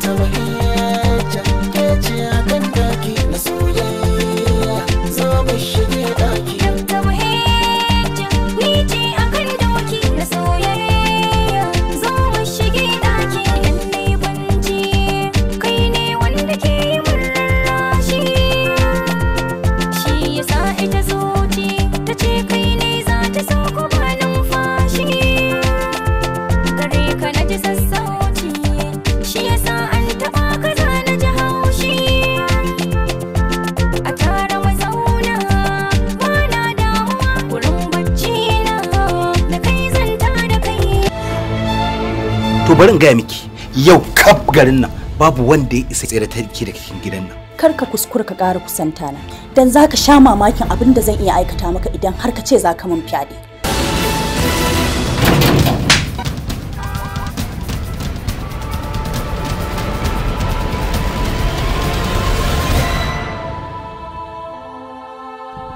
zama hijja ke ce akan daki na soya bari in gaya miki yau kaf garin nan babu wanda ya isa tsere ta da cikin gidan nan kar ka kuskura ka kara kusanta na dan zaka sha mamakin abin da zan iya aikata maka idan har ka ce zaka mun fyaɗe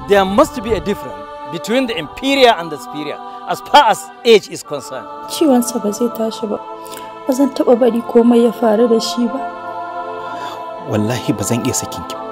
There must be a difference between the imperial and the superior as far as age is concerned. sa ba zai tashi ba. ba zan taɓa bari komai ya faru da shi ba wallahi ba zan iya sakin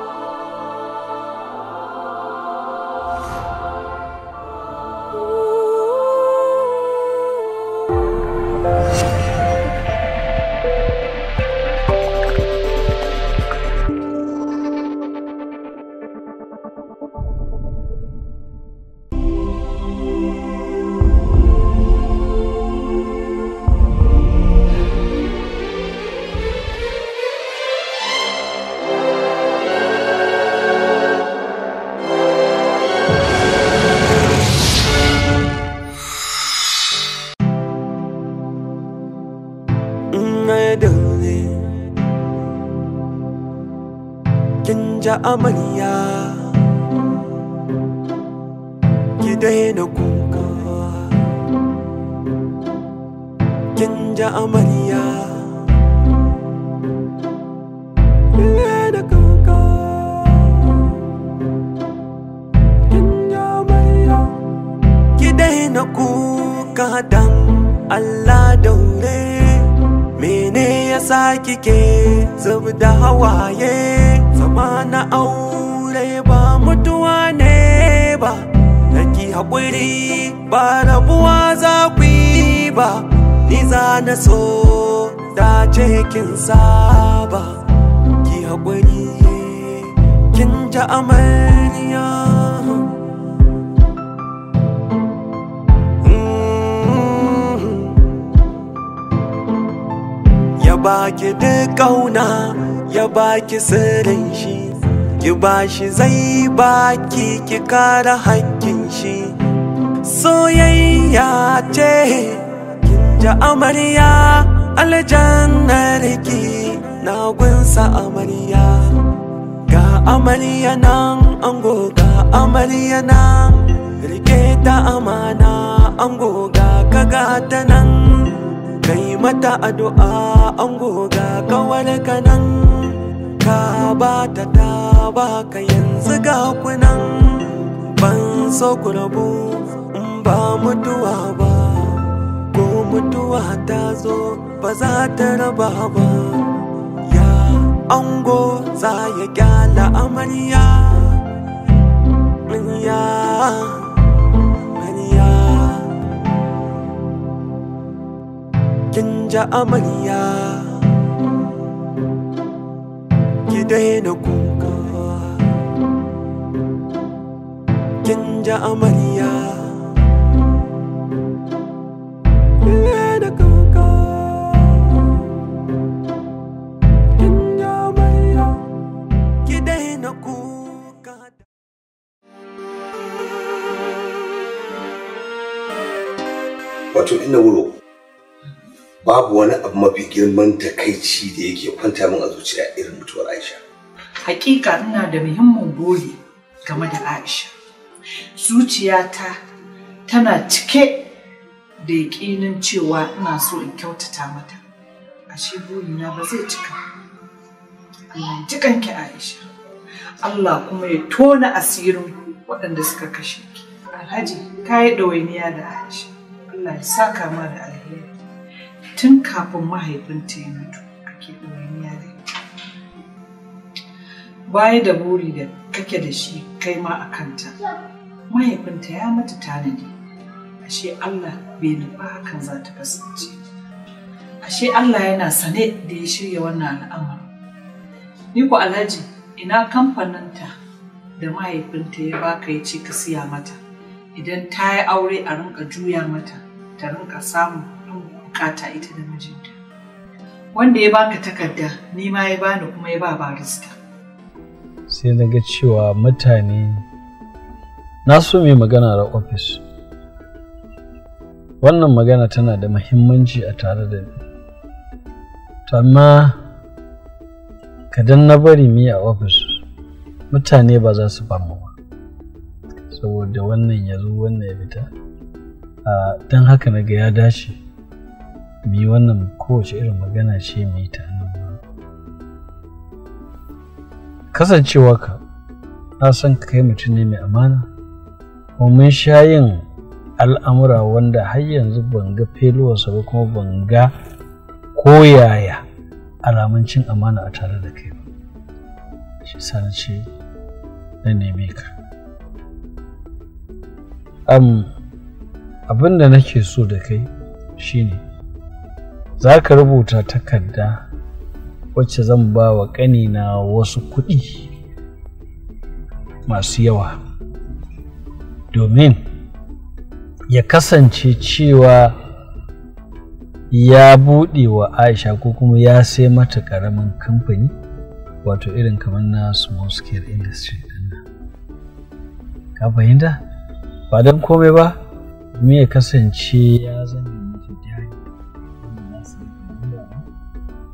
amarya ki daina kuka kin ja amarya na kuka dan Allah daure mene ya sa kike zub da hawaye zama na aure ba mutuwa ne ba Naki haƙuri ba rabuwa za ku yi ba Ni za na so dace kin saba Ki haƙuri kin ji amarya mm-hmm. baki duk ƙauna ya baki sirrin shi ki bashi zai baki ki kara hakkin shi soyayya ce kin ji amarya aljannar ki na gunsa amarya ga amarya nan ango ga amarya nan rike ta amana ango ga kaga ta nan kai mata addu'a ango ga kawar ka nan ka ba ta ta ka yanzu ga kunan ban so ku rabu in ba mutuwa ba ko mutuwa ta zo ba za ta raba ba ya ango za ya kyala amarya ya kin ja amarya daina kuka kin ja amarya daina wato ina wuro babu wani abu mafi girman takaici da yake kwanta min a zuciya irin mutuwar Aisha. Hakika ina da muhimmin buri game da Aisha. Zuciyata tana cike da ƙinan cewa ina so in kyautata mata. Ashe burina ba zai cika. Allah ya ki Aisha. Allah kuma ya tona asirin waɗanda suka kashe ki. Alhaji ka yi ɗawainiya da Aisha. Allah ya saka da tun kafin mahaifinta ya mutu kake ɗoyin yare baya da buri da kake da shi kai ma a kanta mahaifinta ya mata tanadi ashe Allah bai nufa hakan za ta kasance ashe Allah yana sane da ya shirya wannan al'amari ni ku alhaji ina kamfaninta da mahaifinta ya baka ya ce ka siya mata idan ta yi aure a rinka juya mata ta rinka samun bukata ita da mijinta wanda ya baka takarda ni ma ya bani kuma ya ba barista sai na ga cewa mutane na so mai magana da ofis wannan magana tana da mahimmanci a tare da ni amma kadan na bari mi a ofis mutane ba za su bamu ba saboda wannan ya zo wannan ya fita ah, don haka na ga ya dace yi wannan kowace irin magana ce mai ta nan kasancewa ka na san kai mutum ne mai amana kuma mun sha yin al'amura wanda har yanzu ban ga feluwarsa ba kuma ban ga koyaya alamancin amana a tare da kai ba shi sa ce na neme ka abin da nake so da kai shine za ka rubuta takarda wacce zan ba wa ƙanina wasu kuɗi masu yawa domin ya kasance cewa ya buɗe wa aisha ko kuma ya sai mata ƙaramin kamfani wato irin kamar na small scale industry ɗin ka fahimta ba don komai ba domin ya kasance ya zama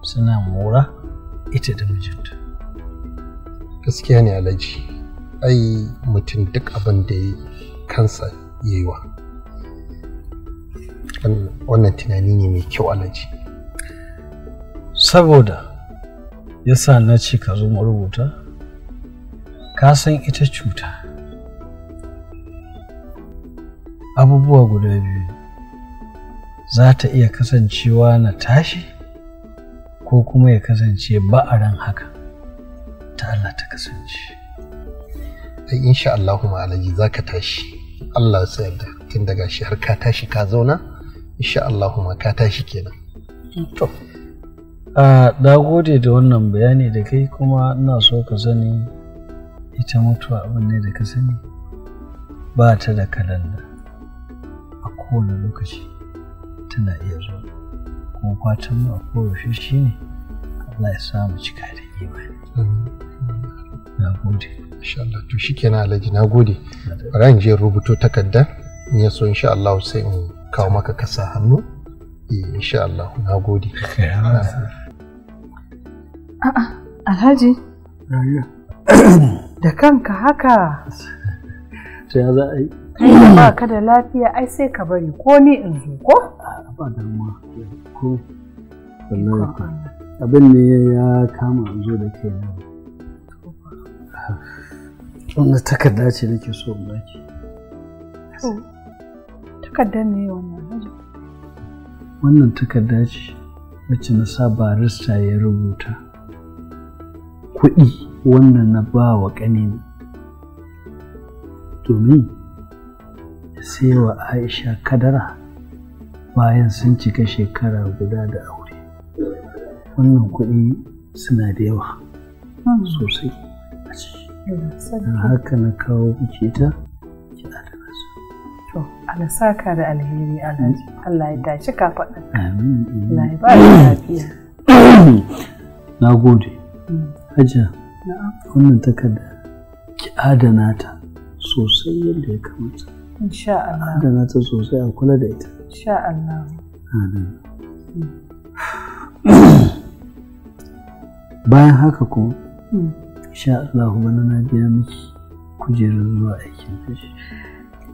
suna mura ita da mijinta gaskiya ne alaji ai mutum duk abin da ya kansa yiwa wannan tunani ne mai kyau alaji saboda ya sa na ce ka zo marubuta ka san ita cuta abubuwa guda biyu za ta iya kasancewa na tashi ko kuma ya kasance ba ran haka ta Allah ta kasance insha Allahu alaji za ka tashi Allah ya yarda tun daga shi har ka tashi ka zauna insha Allah ka tashi kenan to a gode da wannan bayani da kai kuma ina so ka sani ita mutuwa abin ne da ka sani ba ta da kalanda a kowane lokaci tana iya zuwa kuma fatan mu a koyaushe shi ne Allah ya samu cika da imani na gode insha Allah to kenan Alhaji na gode bari in je rubuto takarda in ya so insha Allah sai in kawo maka kasa hannu eh, insha Allah na gode a'a Alhaji da kanka haka ya za a yi kai ba hmm. ka da lafiya ai sai ka bari ko ni in zo ko ba damuwa ko wallahi abin ne ya kama in zo da ke nan wannan takarda ce nake so in baki takardar ne wannan wannan takarda ce wacce na sa barista ya rubuta kuɗi wannan na ba wa ƙanini domin sai wa aisha kadara bayan sun cika shekara guda da aure wannan kuɗi suna da yawa hmm. sosai a haka na kawo kuke ta ki adana su to ala saka da alheri Allah hmm. ya tashi ka faɗa amin Allah ya ba lafiya na gode hmm. hajja wannan takarda ki adana ta sosai yadda ya kamata Insha Allah. Adana ta sosai a kula da ita. Insha Allah. Bayan haka ko, hmm. insha Allah wani na biya miki kujerar zuwa aikin fishi.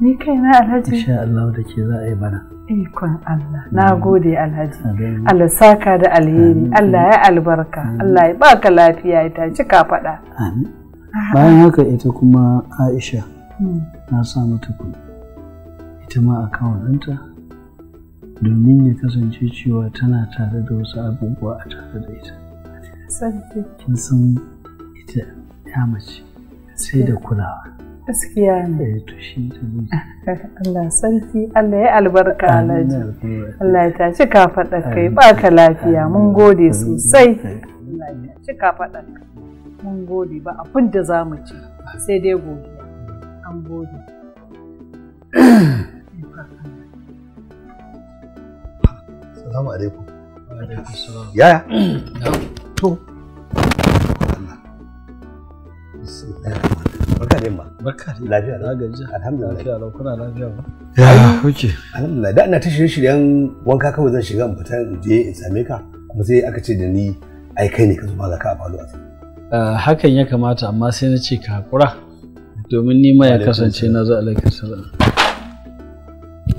Ni na Alhaji. Insha Allah da ke za a yi bana. Ikon Allah. Hmm. Na gode Alhaji. Allah saka da alheri. Allah ya albarka. Allah ya baka lafiya ya taci ka faɗa. Bayan haka ita kuma Aisha. Hmm. Na sa mata kuɗi. ita ma a akawun ɗinta domin ya kasance cewa tana tare da wasu abubuwa a tare da ita. Kin san ita ya mace sai da kulawa. Gaskiya ne. Eh, to shi Allah sarki, Allah ya albarka Alhaji. Allah ya tashi ka faɗa kai baka lafiya mun gode sosai. Allah ya tashi ka faɗa mun gode ba abin da za mu ci sai dai godiya. An gode. Assalamu alaikum. Ya ya. To. Barka da yamma. Barka da lafiya. Na gaji. Alhamdulillah. Lafiya lau kuna lafiya ba. Ya ah, kuke. Alhamdulillah da ina ta shirye-shiryen wanka kawai zan shiga in fita in je in same ka kuma sai aka ce da ni ai kai ne ka zuba zaka a falo a ah, Hakan ya kamata amma sai na ce ka hakura domin ni ma ya kasance na zo alaikum salam.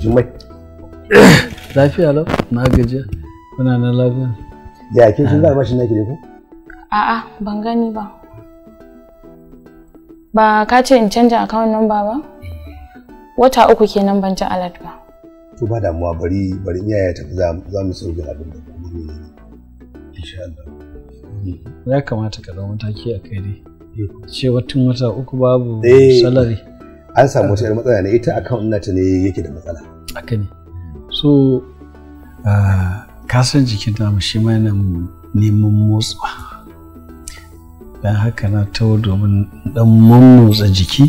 Jummai. Lafiya lau, na gajiya. Kuna na lafiya. Ya kin sun ga albashin ah. naki ne ko? A'a, ban gani ba. Ba ka ce in canja account number ba? Wata uku kenan ban ci alert ba. To ba damuwa bari bari iyaye tafi za mu sauke abin da kuma ne. Insha Allah. Ya kamata ka zama mataki a kai dai. ce tun wata uku babu eh. salary an samu wata matsala ne ita account nata ne yake da matsala haka ne so ah, ka san jikin mu shi ma yana neman motsa dan haka na tawo domin dan motsa jiki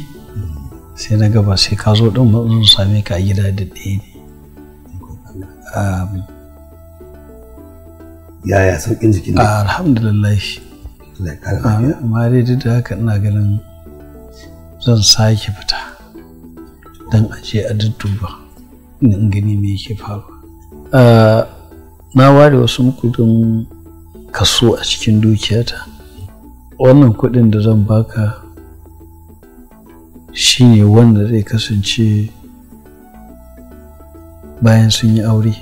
sai na gaba sai ka zo ɗin matsun same ka a gida da ɗaya ne yaya saukin jikin ne alhamdulillah amma dai duk da haka ina ganin zan sake fita don a ce a dudduba in gani me yake faruwa na ware wasu kudin kaso a cikin dukiyata wannan kudin da zan baka shine wanda zai kasance bayan sun yi aure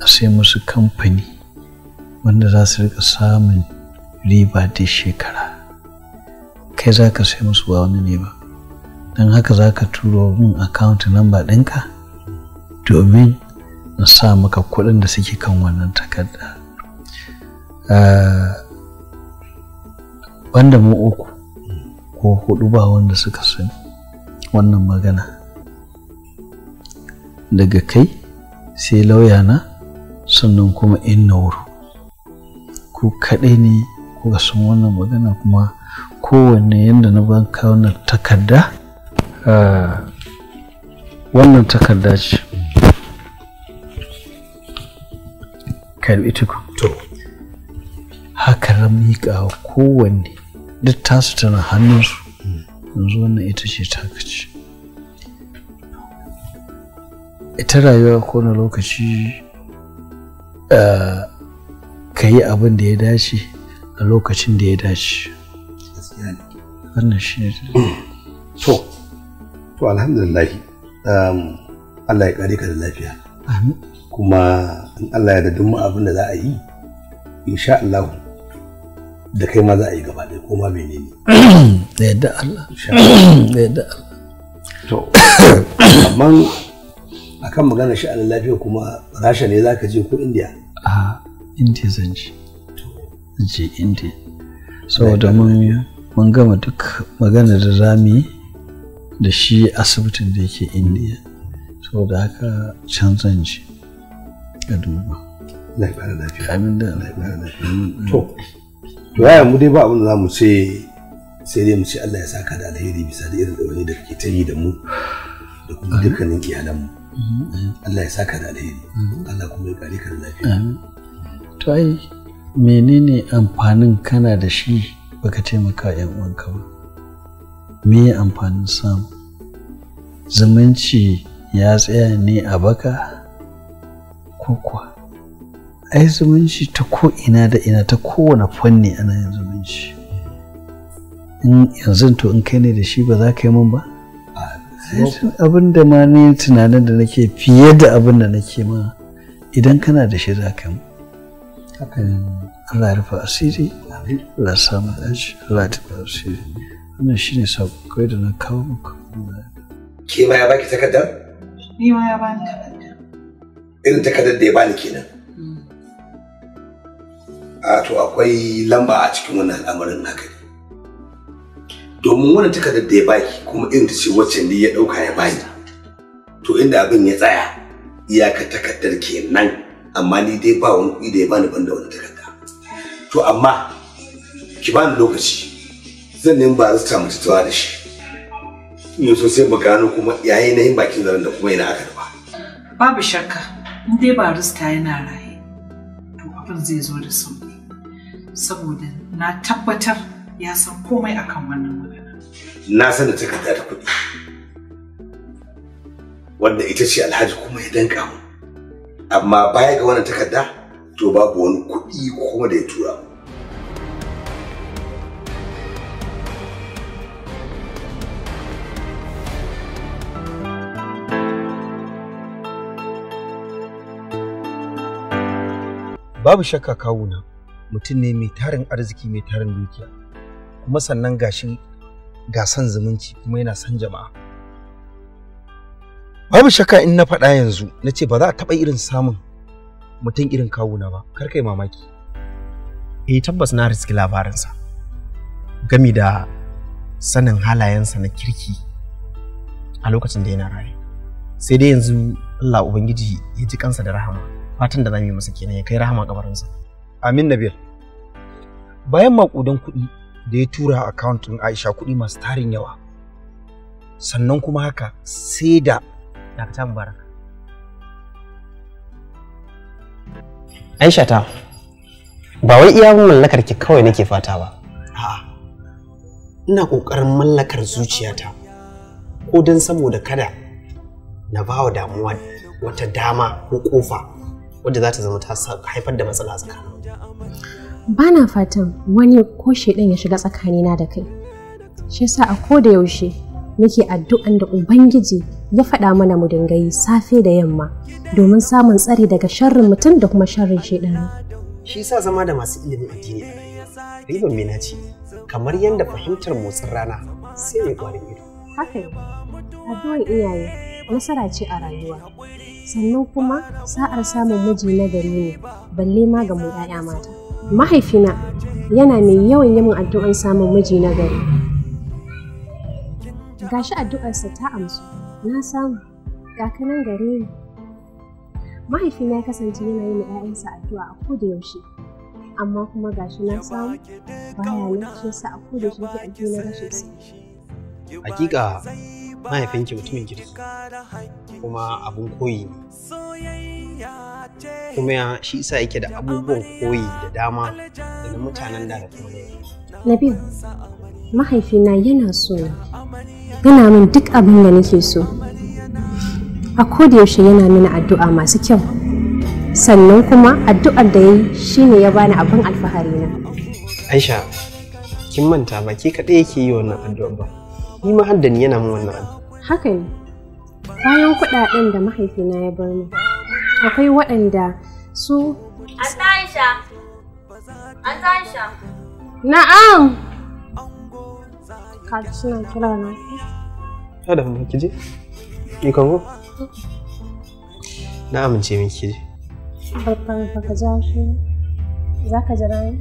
a sai musu kamfani wanda za su rika samun riba da shekara kai za ka sai musu ba wani ne ba don haka za ka turo min account number ɗinka domin na sa maka kuɗin da suke kan wannan takarda wanda ah, mu uku ko hudu ba wanda suka sani wannan magana daga kai sai lauya na sannan kuma in nauru ku kaɗai ne kuka san wannan magana kuma kowanne yadda na ban kawo takarda Ah, wannan takarda ce karbi tuku to haka ramika kowanne duk tasu tana hannunsu yanzu wannan ita ce takaci ita rayuwa na lokaci ah, ka yi abin da ya dace a lokacin da ya dace wannan shi ne to to alhamdulillah um, Allah ya kare ka da lafiya kuma in Allah ya da duk abin da za a yi insha Allah da kai ma za a yi gaba da ko ma menene da yadda Allah da yadda Allah to amma akan magana Allah lafiya kuma rasha ne zaka je ko indiya a India zan je je India. saboda mun gama duk magana da za mu yi da shi asibitin da yake indiya saboda haka canzan shi. je ka duba lafiya lafiya amin da lafiya lafiya to to yaya mu dai ba abin da za mu ce sai dai mu ce Allah ya saka da alheri bisa da irin dawani da kake ta yi da mu da kuma dukkanin iyalanmu Allah ya saka da alheri Allah kuma ya kare ka da lafiya to ai menene amfanin kana da shi baka taimaka yan uwanka ba me amfanin samu zumunci ya tsaya ne a baka ko kuwa ai zumunci ta ko ina da ina ta kowane fanni ana yin zumunci in yanzu to in kai ne da shi ba za ka yi min ba abin da ma ne tunanin da nake fiye da abin da nake ma idan kana da shi za ka yi Allah ya rufa asiri Allah ya samu Allah ya tafi asiri wannan shi ne sabokai da na kawo muku ke ma ya baki takardar? ni ma ya bani takardar irin takardar da ya bani kenan hmm. a ah, to akwai lamba a cikin wannan al'amarin haka ne domin wannan takardar da ya baki kuma irin ta ce wacce ne ya dauka ya bani to inda abin ya tsaya iyaka takardar kenan amma ni dai ba wani kuɗi da ya bani banda wani takarda to amma ki bani lokaci zan nemi ba su samu tuwa da shi in so sai gano kuma yayi na yin bakin zaren da kuma yana aka ba babu shakka in dai ba rusta yana raye to abin zai zo da sauki saboda na tabbatar ya san komai akan wannan magana na san da takarda da kuɗi wanda ita ce alhaji kuma ya danka mu amma baya ga wannan takarda to babu wani kuɗi kuma da ya tura mu babu shakka kawuna mutum ne mai tarin arziki mai tarin dukiya kuma sannan gashi ga zumunci kuma yana son jama'a babu shakka in na faɗa yanzu na ce ba za a taɓa irin samun mutum irin kawuna ba kar kai mamaki eh tabbas na riski labarinsa gami da sanin halayensa na kirki a lokacin da yana raye sai dai yanzu Allah Ubangiji ya ji kansa da rahama fatan da za mu yi masa kenan ya kai rahama kabarinsa amin nabil bayan makudan kuɗi da ya tura a akauntin aisha kuɗi masu tarin yawa sannan kuma haka sai da dakata mubarak aisha ta ba wai iya mallakar ki kawai nake fata ba ina kokarin mallakar zuciyata ko dan saboda kada na bawa damuwa wata dama ko kofa. Wanda za ta zama ta haifar da matsala tsakanin ba na fatan wani ko shaidan ya shiga tsakanina da kai shi yasa a ko da yaushe nake addu'an da ubangiji ya faɗa mana mu dinga safe da yamma domin samun tsari daga sharrin mutum da kuma sharrin shaidan shi yasa zama da masu ilimin addini ribar mina ce kamar yadda fahimtar motsin rana sai mai kwarin ido haka addu'ar iyaye nasara ce a rayuwa sannan kuma sa'ar samun miji na gari ne balle ma ga mu 'ya'ya mata mahaifina yana mai yawan yamin addu'an samun miji na gari gashi addu'arsa ta amsu na samu kakanan gare ni mahaifina ya kasance yana yi 'ya'yansa addu'a a koda yaushe amma kuma gashi na samu baya na shi sa a koda yaushe ke addu'a na rashin sa hakika mahaifinki mutumin kirki kuma abun koyi ne kuma shi isa yake da abubuwan koyi da dama daga mutanen da kuma Nabil mahaifina yana so yana min duk abin da nake so a yaushe yana mini addu'a masu kyau sannan kuma addu'ar da ya yi shine ya bani abin alfahari na aisha kin manta ba ke kaɗai yake yi wannan addu'ar ba ni ma da ni yana min wannan abu haka ne bayan kuɗaɗen da mahaifina ya bar mu akwai waɗanda su Asaisha Asaisha na'am kaji suna kira na kada mu kije ni go. na amince miki kije babban baka ja shi zaka jira ni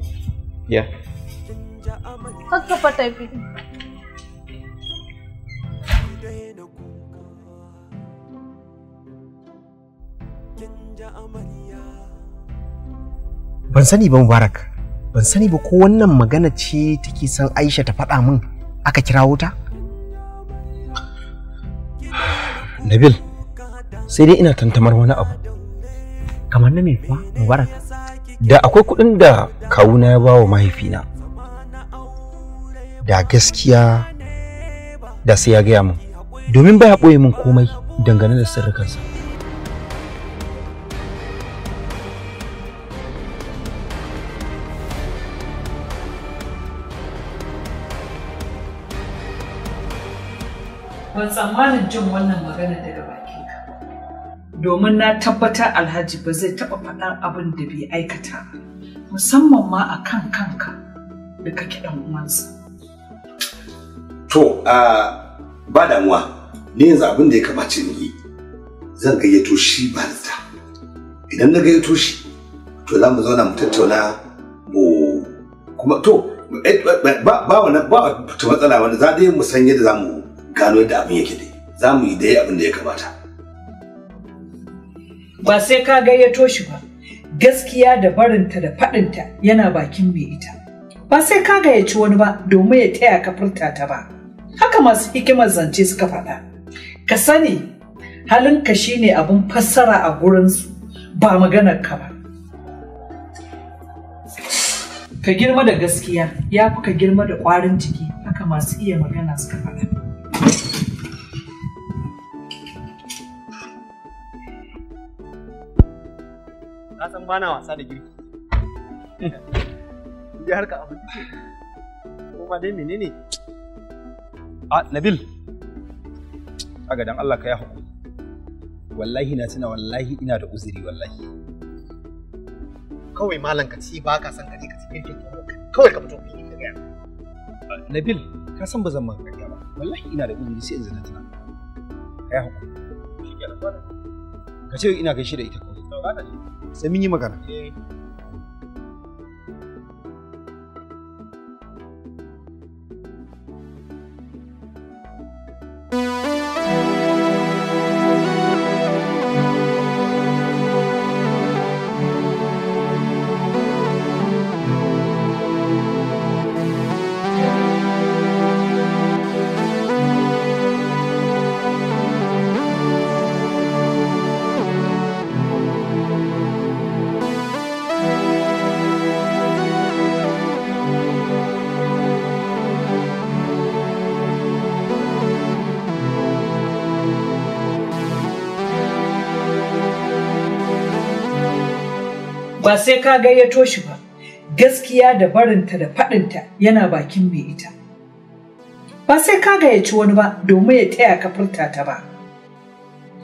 ya kakka fata biyu ban sani ba mubarak ban sani ba ko wannan magana ce take san aisha ta faɗa min aka kira ta nabil sai dai ina tantamar wani abu kamar na me kuwa mubarak da akwai kuɗin da kawuna ya ba wa mahaifina da gaskiya da sai ya gaya min domin baya ɓoye min komai dangane da sirrikansa. ban tsammanin jin wannan magana daga bakinka domin na tabbatar alhaji ba zai taɓa faɗan abin da bai aikata musamman ma a kan kanka da kake ɗan uwansa. To, ba damuwa, ne yanzu abin da ya kamace ni yi, zan gayyato shi ba zata. Idan na gayyato shi, to za mu zauna mu tattauna mu kuma to eh, ba wani ba matsala wani za dai mu san yadda za mu gano yadda abin yake dai za mu yi dai abin da ya kamata ba sai ka gayyato shi ba gaskiya da barinta da faɗinta yana bakin mai ita ba sai ka gayyaci wani ba domin ya taya ka furta ta ba haka masu hikimar zance suka faɗa ka sani halin ka shine abin fassara a gurinsu ba maganar ka ba ka girma da gaskiya ya fi ka girma da ƙwarin jiki haka masu iya magana suka faɗa ka san bana wasa da girki ya harka abu ce ko ma dai menene a nabil aga dan Allah ka ya hakuri wallahi na tuna wallahi ina da uzuri wallahi kawai malam ka ci ba ka san ka je ka ci girkin kawai ka fito fili ka gaya nabil ka san ba zan maka ƙarya ba wallahi ina da uzuri sai yanzu na tuna ka ya hakuri shi ka ce ina gaishe da ita Sami sai yi magana ba sai ka gayyato shi ba gaskiya da barinta da faɗinta yana bakin mai ita ba sai ka gayyaci wani ba domin ya taya ka furta ta ba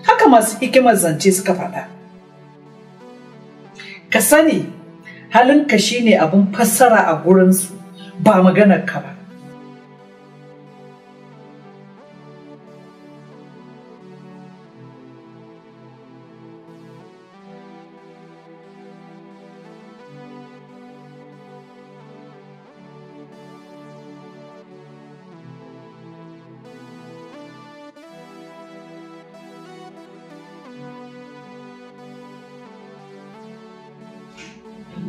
haka masu hikimar zance suka faɗa ka sani halinka shine abin fassara a gurinsu ba maganar ka ba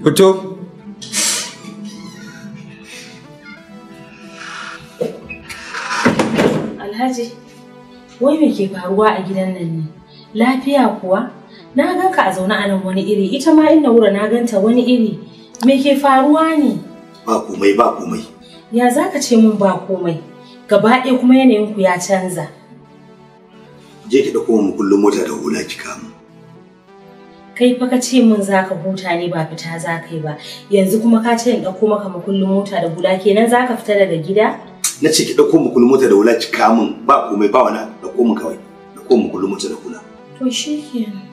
Fito. Alhaji, wai me ke faruwa a gidan nan ne? Lafiya kuwa? Na ganka a zaune a nan wani iri, ita ma inda wura na ganta wani iri. Me ke faruwa ne? Ba komai, ba komai. Ya za ka ce min ba komai? Gaba ɗaya kuma yanayin ku ya canza. Je ki ɗauko mu kullum mota da hula ki kama. kai fa ka ce min za ka huta ne ba fita za ka yi ba yanzu kuma ka ce in ɗauko maka makullin mota da gula kenan za ka fita daga gida? na ce ki ɗauko makullin mota da gula ki kamun ba komai ba wani ɗauko min kawai ɗauko makullin mota da gula to shi kenan.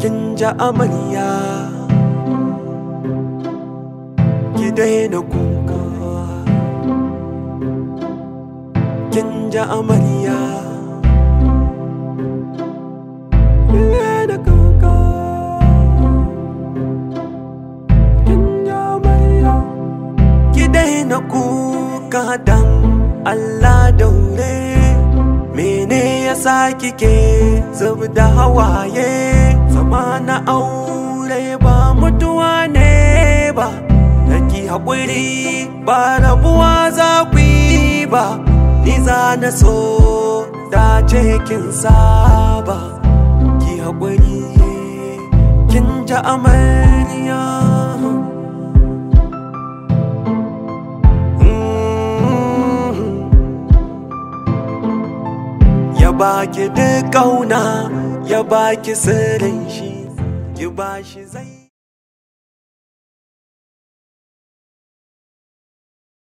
Kin ja daina kuka kin ja amarya na kuka dan Allah daure mene ya sa kike zub da hawaye zama na aure ba mutuwa ne ba hakuri ba rabuwa za ku yi ba ni za na so da kin saba ki hakuri kin ji amarya mm. ya baki duk ƙauna ya baki sirin shi ki ba shi zai